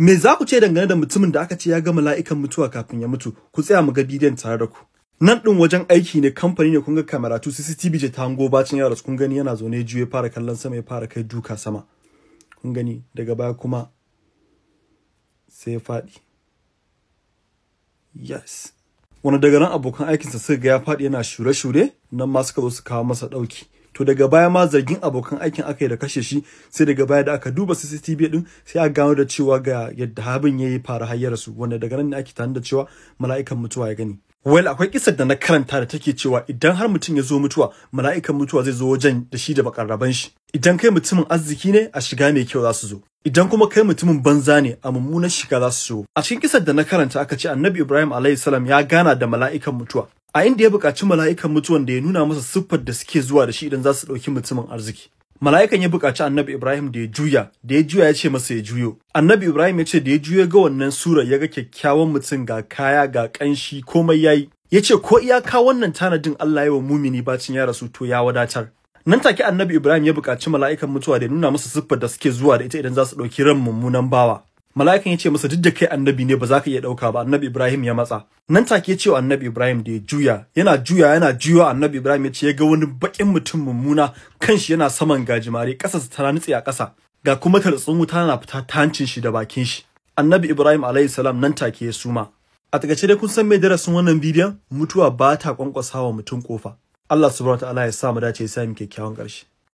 Me za ku ce dangane da mutumin da aka ce ya gama mala'ikan mutuwa kafin ya mutu? Ku tsaya mu ga bidiyon tare da ku. Nan ɗin wajen aiki ne kamfani ne kun ga kameratu CCTV je ta hango bacin yara kun gani yana zaune juye fara kallon sama ya fara kai duka sama. Kun gani daga baya kuma sai ya faɗi. Yes. Wani daga nan abokan aikinsa suka ga ya faɗi yana shure-shure nan ma suka zo su kawo masa ɗauki. to daga baya ma zargin abokan aikin aka yi da kashe shi sai daga baya da aka duba CCTV din sai aka gano da cewa ga yadda habin yayi fara hayyar su wanda daga nan ne ake tana da cewa mala'ikan mutuwa ya gani Well, akwai kisar da na karanta da take cewa idan har mutum ya zo mutuwa, mala'ikan mutuwa zai zo wajen da shi da bakarraban shi. Idan kai mutumin arziki ne, a shiga mai kyau za su zo. Idan kuma kai mutumin banza ne, a mummunan shiga za su zo. A cikin kisar da na karanta aka ce Annabi Ibrahim alayhi salam ya gana da mala'ikan mutuwa. a inda ya buƙaci mala'ikan mutuwan da ya nuna masa siffar da suke zuwa da shi idan za su ɗauki mutumin arziki mala'ikan ya buƙaci annabi ibrahim da ya juya da ya juya ya ce masa ya juyo annabi ibrahim ya ce da ya juya ga wannan sura ya ga kyakkyawan mutum ga kaya ga ƙanshi komai ya yi. ya ce ko iyaka wannan tanadin allah ya wa mumini bacin ya rasu to ya wadatar nan take annabi ibrahim ya buƙaci mala'ikan mutuwa da ya nuna masa siffar da suke zuwa da ita idan za su ɗauki ran mummunan bawa mala'ikan ya ce masa duk da kai annabi ne ba za ka iya ɗauka ba annabi ibrahim ya matsa nan take ya ce annabi ibrahim da ya juya yana juya yana juya annabi ibrahim ya ce ya ga wani baƙin mutum mummuna kanshi yana saman gajimare ƙasa ta nutse a ƙasa ga kuma tartsin wuta na fita ta hancin shi da bakin shi annabi ibrahim alayhi salam nan take ya suma a takaice dai kun san me darasin wannan bidiyon mutuwa ba ta wa mutum kofa Allah subhanahu wa ta'ala ya sa mu dace ya sa mu kyakkyawan ƙarshe